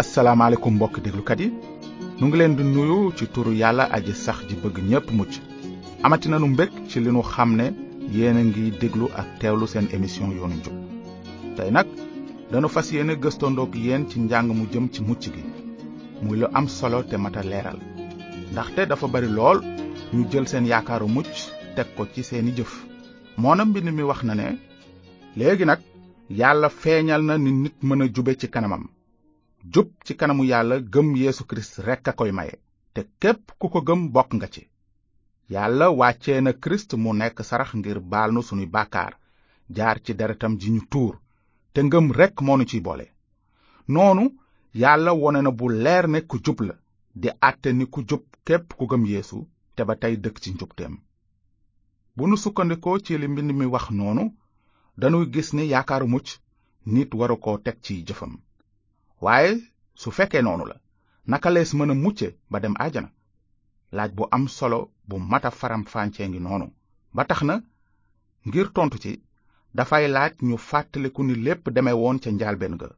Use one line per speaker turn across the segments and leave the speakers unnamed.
asalaamaaleykum mbokk déglukat yi nu ngi leen di nuyu ci turu yàlla aji sax ji bëgg ñépp mucc amati na nu mbég ci li nu xam ne yéen a ngi déglu ak teewlu seen émission yoonu njub tey nag danu fas yéene gëstandoog yéen ci njàng mu jëm ci mucc gi muy lu am solo te mata leeral ndaxte dafa bari lool ñu jël seen yaakaaru mucc teg ko ci seeni jëf moona mbind mi wax na ne léegi nag yàlla feeñal na ni nit mën a jube ci kanamam jub ci kanamu yàlla gëm yéesu Kirist rekk a koy maye te képp ku ko gëm bokk nga ci yàlla wàcce na Kirist mu nekk sarax ngir baal nu sunuy bàkkaar jaar ci deretam ji ñu tuur te ngëm rekk moo nu ciy boole noonu yàlla wone na bu leer ne ku jub la di àtte ni ku jub képp ku gëm yéesu te ba tey dëkk ci njubteem bu nu sukkandikoo ci li mbind mi wax noonu danuy gis ni yaakaaru mucc nit waru ko teg ci jëfam waaye su fekkee noonu la naka lees mën a mucce ba dem ajana laaj bu am solo bu mata faram fàncee ngi noonu ba tax na ngir tontu ci dafay laaj ñu fàttaliku ni lépp deme woon ca njaalbeen ga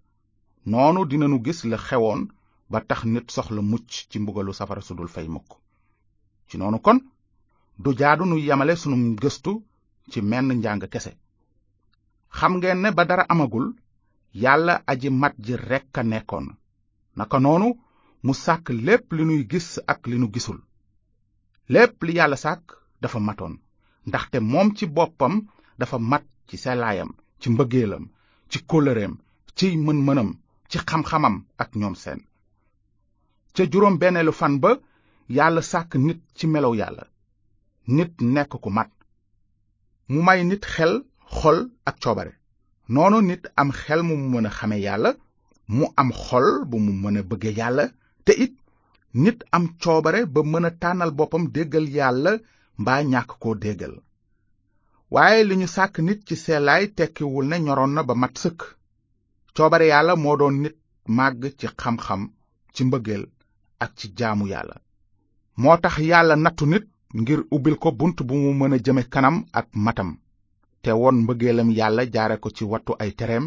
noonu dinanu gis la xewoon ba tax nit soxla mucc ci mbugalu safara sudul fay mukk ci noonu kon du jaadu nu yamale sunu gëstu ci menn njàng kese xam ngeen ne ba dara amagul yàlla aji mat ji rekk a nekkoon naka noonu mu sàkk lépp li nuy gis ak li nu gisul lépp li yàlla sàkk dafa matoon ndaxte moom ci boppam dafa mat ci selaayam ci mbëggeelam ci kóllëreem ci mën-mënam ci xam-xamam ak ñoom seen ca juróom benneelu fan ba yàlla sàkk nit ci melow yàlla nit nekk ku mat mu may nit xel xol ak coobare noonu nit am xel mu mën a xame yàlla mu am xol bu mu mën a bëgge yàlla te it nit am coobare ba mën a tànnal boppam déggal yàlla mbaa ñàkk koo déggal waaye li ñu sàkk nit ci seelaay tekkiwul ne ñoroon na ba mat sëkk coobare yàlla moo doon nit màgg ci xam-xam ci mbëggeel ak ci jaamu yàlla moo tax yàlla nattu nit ngir ubbil ko bunt bu mu mën a jëme kanam ak matam te won mbëggeelam yàlla jaare ko ci wattu ay tereem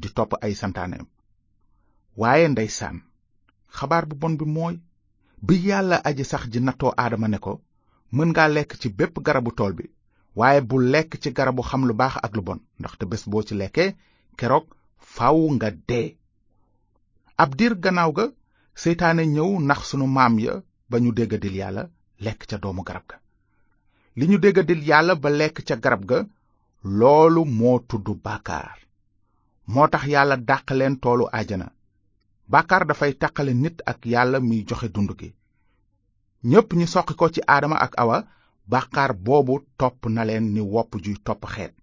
di topp ay santaaneem waaye ndeysaan xabaar bu bon bi mooy bi yàlla aji sax ji nattoo aadama ne ko mën ngaa lekk ci bépp garabu tool bi waaye bu lekk ci garabu xam lu baax ak lu bon ndaxte bés boo ci lekkee keroog faw nga dee ab diir gannaaw ga seytaane ñëw ndax sunu maam ya ba ñu déggadil yàlla lekk ca doomu garab ga li ñu déggadil yàlla ba lekk ca garab ga loolu moo tudd bàkkaar moo tax yàlla dàq leen toolu ajana bàkkaar dafay taqale nit ak yàlla miy joxe dund gi ñépp ñi soqi ko ci aadama ak awa bàkkaar boobu topp na leen ni wopp juy topp xeet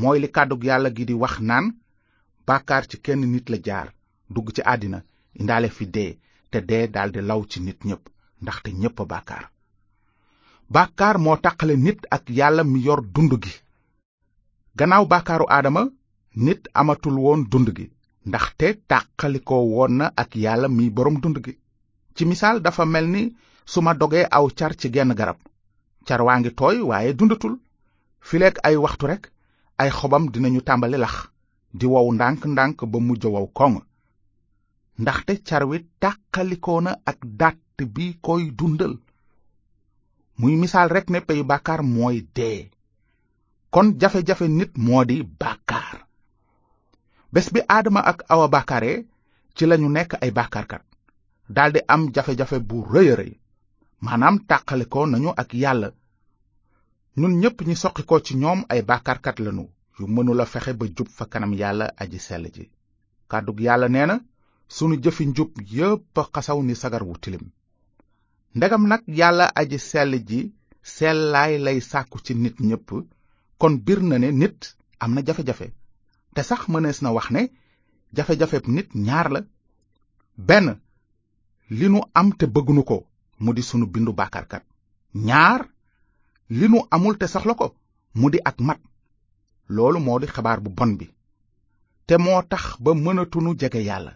mooy li kàddug yàlla gi di wax naan bàkkaar ci kenn nit la jaar dugg ci àddina indaale fi dee te dee daldi law ci nit ñépp ndaxte ñépp a bàkkaar moo taqale nit ak yàlla mi yor dund gi gannaaw baakaaru aadama nit amatul woon dund gi ndaxte tàqalikoo woon na ak yàlla mi boroom dund gi ci misaal dafa mel ni su ma dogee aw car ci genn garab car waa ngi tooy waaye dundatul fileek ay waxtu rekk ay xobam dinañu tàmbali lax di wow ndànk-ndànk ba mujj wow koŋ ndaxte car wi tàqalikoo na ak dàtt bi koy dundal muy misaal rek ne peyu bàkkaar mooy dee kon jafe-jafe nit moo di bàkkaar bés bi aadama ak awa bàkkaare ci lañu nekk ay bàkkaarkat daldi am jafe-jafe bu rëy a rëy maanaam tàqale ko nañu ak yàlla ñun ñépp ñi soqi ko ci ñoom ay bàkkaarkat lañu yu mënula fexe ba jub fa kanam yàlla aji sell ji kàddug yàlla nee na sunu jëfi njub yépp a xasaw ni sagar wu tilim ndegam nag yàlla aji sell ji sellaay lay sàkku ci nit ñépp kon bir na ne nit am na jafe-jafe te sax mënees na wax ne jafe-jafeb nit ñaar la benn li nu am te bëggunu ko mu di sunu bindu bàkkaarkat ñaar li nu amul te soxla ko mu di ak mat loolu moo di xabaar bu bon bi te moo tax ba mënatunu jege yàlla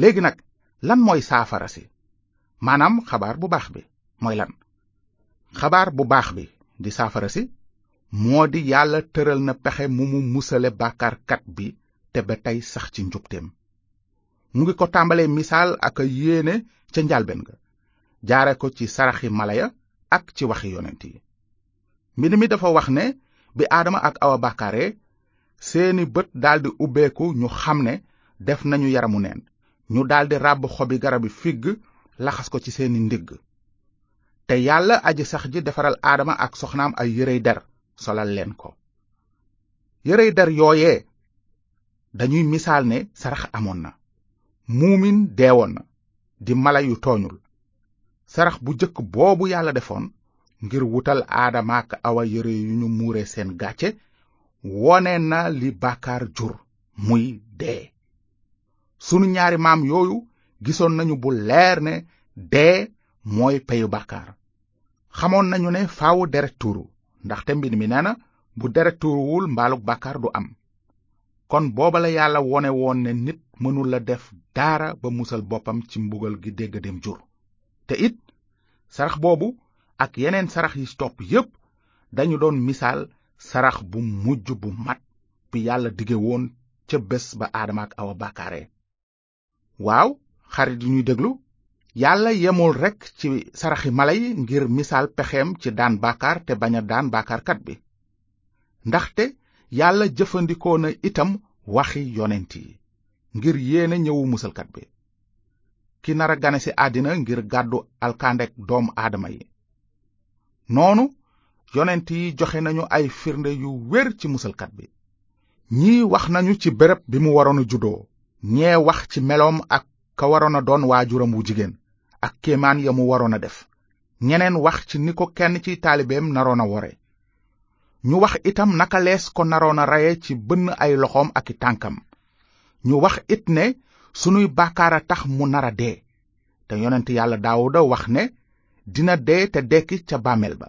léegi nag lan mooy saafara si maanaam xabaar bu baax bi mooy lan xabaar bu baax bi di saafara si moo di yàlla tëral na pexe mu mu musale bàkkaarkat bi te ba tey sax ci njubteem mu ngi ko tàmbalee misaal ak a yéene ca njalben ga jaare ko ci saraxi mala ya ak ci waxi yonent yi mbind mi dafa wax ne bi aadama ak awa bàkkaaree seeni bët daldi ubbeeku ñu xam ne def nañu yaramu neen ñu daldi ràbb xobi garabi figg laxas ko ci seeni ndigg te yàlla aji sax ji defaral aadama ak soxnaam ay yërey der solal leen ko yërey der yooyee dañuy misaal ne sarax amoon na muumin deewoon na di mala yu tooñul sarax bu jëkk boobu yàlla defoon ngir wutal aadama awa yëre yu ñu muure seen gàcce wone na li bàkkaar jur muy dee sunu ñaari maam yooyu gisoon nañu bu leer ne dee mooy payu bàkkaar xamoon nañu ne faaw deret tuuru ndax te mbir mi nee na bu deret tuuruwul mbaalug bàkkaar du am kon booba la yàlla wone woon ne nit mënul la def daara ba musal boppam ci mbugal gi déggadeem jur te it sarax boobu ak yeneen sarax yi topp yépp dañu doon misaal sarax bu mujj bu mat bi yàlla dige woon ca bés ba aadama ak awa bàkkaare waaw xarit yi ñuy déglu yàlla yemul rekk ci saraxi mala yi ngir misaal pexeem ci daan baakaar te bañ a daan baakaarkat bi ndaxte yàlla jëfandikoo na itam waxi yonent yi ngir yéene ñëwu musalkat bi ki nar a gane ci àddina ngir gàddu alkandek doomu aadama yi noonu yonent yi joxe nañu ay firnde yu wér ci musalkat bi ñii wax nañu ci bërëb bi mu waroon a juddoo ñee wax ci meloom ak ka waroon a doon waajuram wu jigéen ak kéemaan ya mu waroon a def ñeneen wax ci ni ko kenn ci taalibeem naroon a wore ñu wax itam naka lees ko naroon a reye ci bënn ay loxoom ak i tànkam ñu wax it ne sunuy bàkkaar a tax mu nar a dee te yonent yàlla daawuda wax ne dina dee te dekki ca bàmmeel ba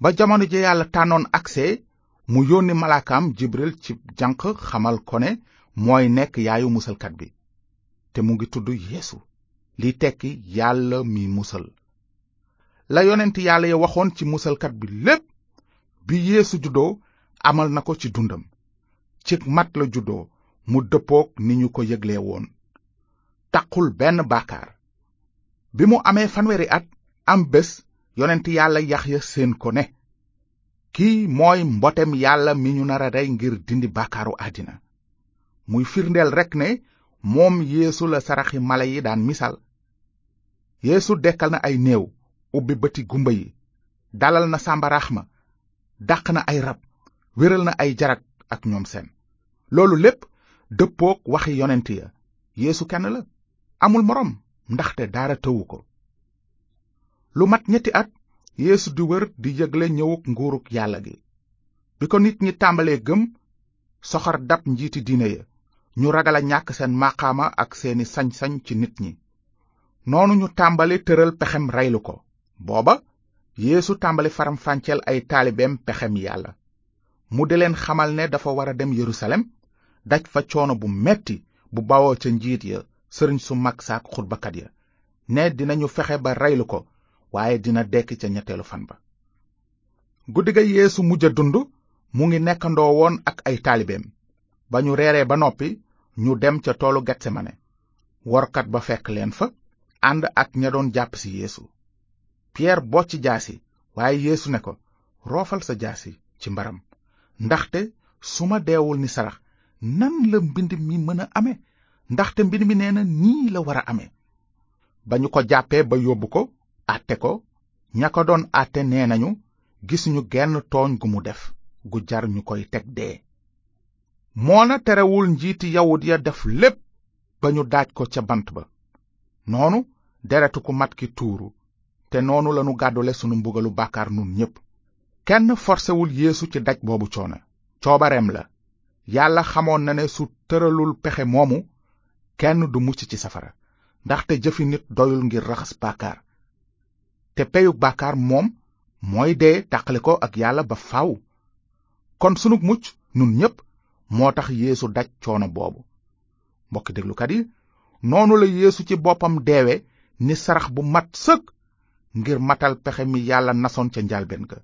ba jamono ji yàlla tànnoon akse mu yónni malaakaam jibril ci janq xamal ko ne mooy nekk yaayu musalkat bi te mu ngi tudd yeesu li tekki yàlla mi musal la yonent yàlla ya waxoon ci musalkat bi lépp bi yéesu juddoo amal na ko ci dundam ci mat la juddoo mu dëppook ni ñu ko yëgle woon taqul benn baakaar bi mu amee fanweeri at am bés yonent yàlla yaxya séen ko ne kii mooy mbotem yàlla mi ñu nara a rey ngir dindi baakaaru àddina muy firndeel rekk ne moom yeesu la saraxi mala yi daan misaal yeesu dekkal na ay néew ubbi bëti gumba yi dalal na sàmbaraax ma dàq na ay rab wéral na ay jarak ak ñoom seen loolu lépp dëppook waxi yonent ya yéesu kenn la amul moroom ndaxte dara tëwu ko lu mat ñetti at yéesu di wër di yëgle ñëwuk nguuruk yàlla gi bi ko nit ñi tàmbalee gëm soxar dab njiiti diine ya ñu ragal a ñàkk seen maqaama ak seeni sañ-sañ ci nit ñi noonu ñu tàmbali tëral pexem reylu ko booba yéesu tàmbali faramfàcceel ay taalibeem pexem yàlla mu di leen xamal ne dafa war a dem yerusalem daj fa coono bu metti bu bawoo ca njiit ya sëriñ su mag saak xutbakat ya ne dinañu fexe ba reylu ko waaye dina dekk ca ñetteelu fan ba guddi ga yeesu mujj a dund mu ngi nekkandoo woon ak ay taalibeem ba ñu reeree ba noppi ñu dem ca toolu getsemane workat ba fekk leen fa ànd ak ña doon jàpp si yeesu piyeer bocc jaasi waaye yéesu ne ko roofal sa jaasi ci mbaram ndaxte su ma deewul ni sarax nan la mbind mi mën a ame ndaxte mbind mi nee na nii la war a ame ba ñu ko jàppee ba yóbbu ko àtte ko ña ko doon àtte nee nañu gisuñu genn tooñ gu mu def gu jar ñu koy teg dee moona terewul njiiti yawut ya def lépp ba ñu daaj ko ca bant ba noonu deretu ku mat ki tuuru te noonu lanu gàddule sunu mbugalu bàkkaar nun ñépp kenn forsewul yéesu ci daj boobu coono coobareem la yàlla xamoon na ne su tëralul pexe moomu kenn du mucc ci safara ndaxte jëfi nit doyul ngir raxas bàkkaar te peyug bàkkaar moom mooy dee tàqale ko ak yàlla ba faw kon sunug mucc nun ñépp moo tax yéesu daj coono boobu mbokki déglukat yi noonu la yeesu ci boppam deewe ni sarax bu mat sëkk ngir matal pexe mi yàlla nasoon ca njalbeen ga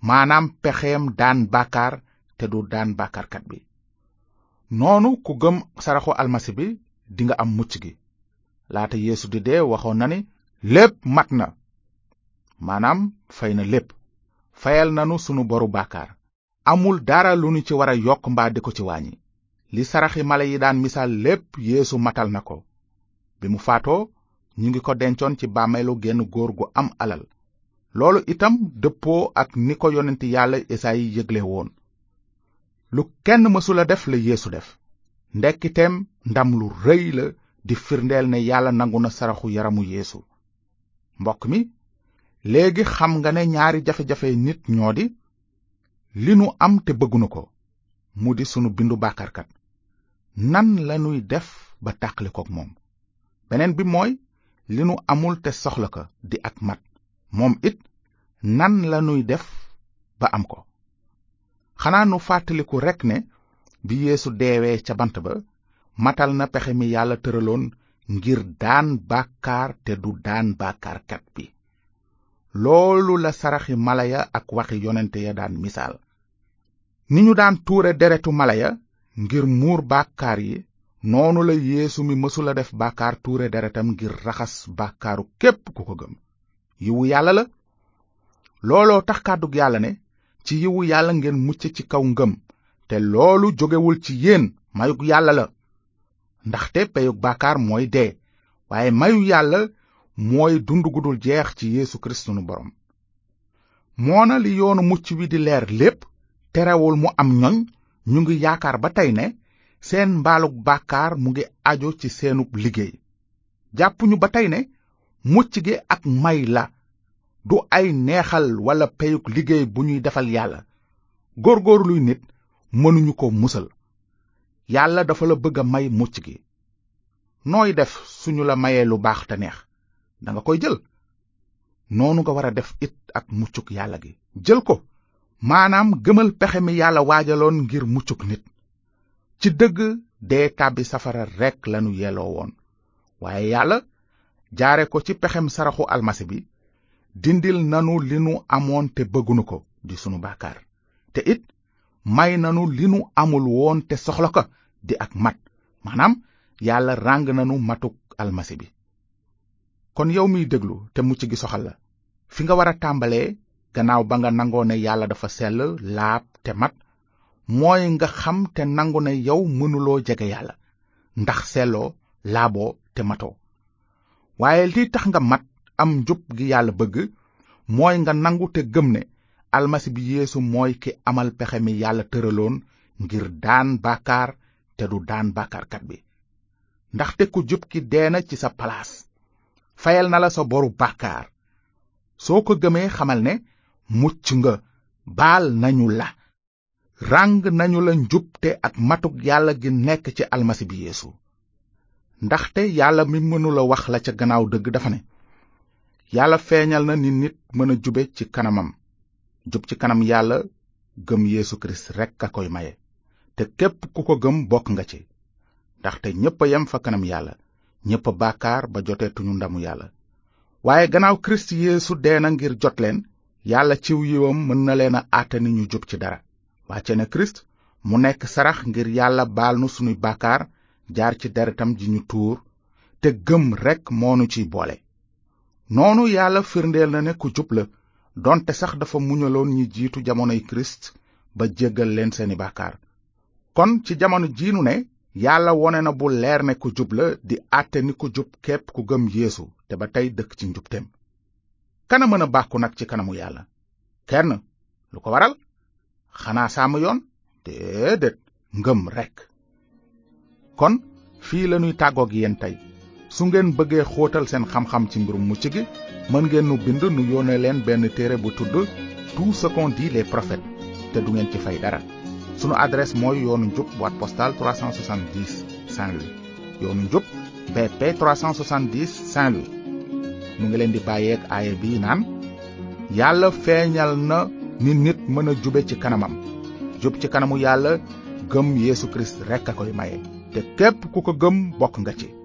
maanaam pexeem daan bàkkaar te du daan bàkkaarkat bi noonu ku gëm saraxu almasi bi dinga am mucc gi laata yeesu di dee waxoon na ni lépp mat na maanaam fay na lépp fayal nu sunu boru bàkkaar amul dara lu nu ci war a yokk mbaa di ko ci yi li saraxi mala yi daan misaal lépp yéesu matal na ko bi mu faatoo ñu ngi ko dencoon ci bàmmeelu génn góor gu am alal loolu itam dëppoo ak ni ko yonent yàlla esayi yëgle woon lu kenn mësula def la yéesu def ndekkiteem ndam lu rëy la di firndeel ne yàlla nangu na saraxu yaramu yéesu mbokk mi léegi xam nga ne ñaari jafe-jafe nit ñoo di li nu am te bëggunu ko mu di sunu bindu bàkkaarkat nan lanuy def ba tàqalikook moom beneen bi mooy li nu amul te soxla ko di ak mat moom it nan la lanuy def ba am ko xanaa nu fàttaliku rekk ne bi yéesu deewee ca bant ba matal na pexe mi yàlla tëraloon ngir daan bàkkaar te du daan bàkkaarkat bi loolu la saraxi mala ya ak waxi yonente ya daan misaal ni ñu daan tuure deretu mala ya ngir muur bàkkaar yi noonu la yéesu mi mësula def bàkkaar tuure deretam ngir raxas bàkkaaru képp ku ko gëm yiwu yàlla la looloo tax kàddug yàlla ne ci yiwu yàlla ngeen mucc ci kaw ngëm te loolu jógewul ci yéen mayug yàlla la ndaxte peyug bàkkaar mooy dee waaye mayu yàlla mooy dund gudul jeex ci yéesu kirist sunu borom moona li yoonu mucc wi di leer lépp terewul mu am ñoñ ñu ngi yaakaar ba tey ne seen mbaalug bàkkaar mu ngi aju ci seenub liggéey jàppuñu ba tey ne mucc gi ak may la du ay neexal walla peyug liggéey bu ñuy defal yàlla góorgóorluy nit mënuñu ko musal yàlla dafa la bëgg a may mucc gi nooy def suñu la mayee lu baax te neex danga koy jël noonu nga war a def it ak muccuk yàlla gi jël ko maanaam gëmal pexe mi yàlla waajaloon ngir muccuk nit ci dëgg dee tàbbi safara rekk lanu yeloo woon waaye yàlla jaare ko ci pexem saraxu almasi bi dindil nanu li nu amoon te bëggunu ko di sunu baakaar te it may nanu li nu amul woon te soxla ko di ak mat maanaam yàlla ràng nanu matuk almasi bi kon yow miy déglu te mucc gi soxal la fi nga war tàmbalee gannaaw ba nga nangoo yàlla dafa sell laab te mat mooy nga xam te nangu na yow mënuloo jege yàlla ndax selloo laaboo te matoo waaye li tax nga mat am njub gi yàlla bëgg mooy nga nangu te gëm ne almasi bi yéesu mooy ki amal pexe mi yàlla tëraloon ngir daan baakaar te du daan baakaarkat bi ndax te ku jub ki dee na ci sa palaas fayal na la sa boru baakaar soo ko gëmee xamal ne mucc nga baal nañu la ràng nañu la te ak matuk yàlla gi nekk ci almasi bi yeesu ndaxte yàlla mi mënula wax la ca gannaaw dëgg dafa ne yàlla feeñal na ni nit mën a jube ci kanamam jub ci kanam yàlla gëm yéesu kirist rekk a koy maye te képp ku ko gëm bokk nga ci ndaxte ñépp a yem fa kanam yàlla ñépp a baakaar ba joteetuñu ndamu yàlla waaye gannaaw kirist yeesu dee na ngir jot leen yàlla ciw yiwam mën na leen a àtte ni ñu jub ci dara wàcce na kirist mu nekk sarax ngir yàlla baal nu sunuy bàkkaar jaar ci deretam ji ñu tuur te gëm rekk moonu ciy boole noonu yàlla firndeel na ne ku jub la donte sax dafa muñaloon ñi jiitu jamonoy kirist ba jéggal leen seeni bàkkaar kon ci jamono jiinu ne yàlla wone na bu leer ne ku jub la di àtte ni ku jub képp ku gëm yeesu te ba tey dëkk ci njubteem kana mën a bàkku nag ci kanamu yàlla kenn lu ko waral xanaa sàmm yoon déedéet ngëm rekk kon fii tàggoo gi yéen tey su ngeen bëggee xootal seen xamxam ci mbirum mucc gi mën ngeen nu bind nu yónnee leen benn téere bu tudd tout ce qu'on dit les prophètes te du ngeen ci fay dara sunu adresse mooy yoonu njub boîte postale 370 Saint-Louis yoonu njub BP 370 Saint-Louis mu ngi leen di bàyyeeg aaye bii naan yàlla feeñal na ni nit mën a jube ci kanamam jub ci kanamu yàlla gëm yéesu Kirist rekk a koy maye te képp ku ko gëm bokk nga ci